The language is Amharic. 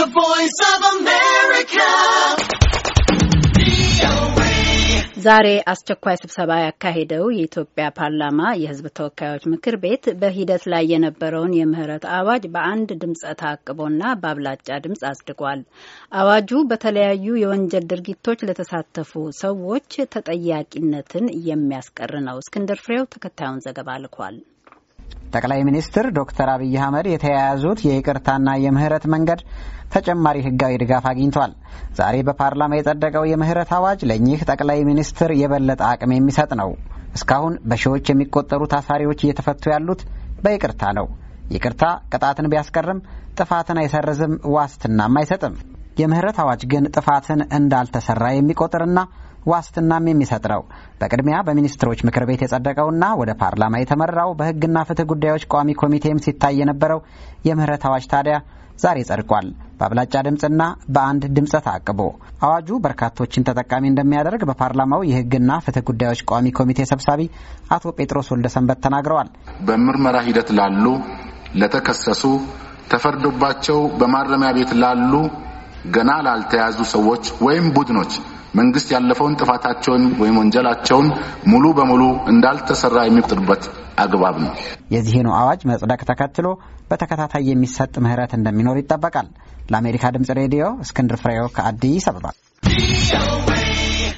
The Voice of America. ዛሬ አስቸኳይ ስብሰባ ያካሄደው የኢትዮጵያ ፓርላማ የሕዝብ ተወካዮች ምክር ቤት በሂደት ላይ የነበረውን የምህረት አዋጅ በአንድ ድምፅ ታቅቦና በአብላጫ ድምፅ አጽድቋል። አዋጁ በተለያዩ የወንጀል ድርጊቶች ለተሳተፉ ሰዎች ተጠያቂነትን የሚያስቀር ነው። እስክንድር ፍሬው ተከታዩን ዘገባ ልኳል። ጠቅላይ ሚኒስትር ዶክተር አብይ አህመድ የተያያዙት የይቅርታና የምህረት መንገድ ተጨማሪ ህጋዊ ድጋፍ አግኝቷል። ዛሬ በፓርላማ የጸደቀው የምህረት አዋጅ ለእኚህ ጠቅላይ ሚኒስትር የበለጠ አቅም የሚሰጥ ነው። እስካሁን በሺዎች የሚቆጠሩ ታሳሪዎች እየተፈቱ ያሉት በይቅርታ ነው። ይቅርታ ቅጣትን ቢያስቀርም ጥፋትን አይሰርዝም፣ ዋስትናም አይሰጥም። የምህረት አዋጅ ግን ጥፋትን እንዳልተሰራ የሚቆጥርና ዋስትናም የሚሰጥ ነው። በቅድሚያ በሚኒስትሮች ምክር ቤት የጸደቀውና ወደ ፓርላማ የተመራው በህግና ፍትህ ጉዳዮች ቋሚ ኮሚቴም ሲታይ የነበረው የምህረት አዋጅ ታዲያ ዛሬ ጸድቋል። በአብላጫ ድምፅና በአንድ ድምፀ ተአቅቦ አዋጁ በርካቶችን ተጠቃሚ እንደሚያደርግ በፓርላማው የህግና ፍትህ ጉዳዮች ቋሚ ኮሚቴ ሰብሳቢ አቶ ጴጥሮስ ወልደሰንበት ተናግረዋል። በምርመራ ሂደት ላሉ፣ ለተከሰሱ፣ ተፈርዶባቸው በማረሚያ ቤት ላሉ ገና ላልተያዙ ሰዎች ወይም ቡድኖች መንግስት ያለፈውን ጥፋታቸውን ወይም ወንጀላቸውን ሙሉ በሙሉ እንዳልተሰራ የሚቆጥርበት አግባብ ነው። የዚህኑ አዋጅ መጽደቅ ተከትሎ በተከታታይ የሚሰጥ ምህረት እንደሚኖር ይጠበቃል። ለአሜሪካ ድምጽ ሬዲዮ እስክንድር ፍሬው ከአዲስ አበባ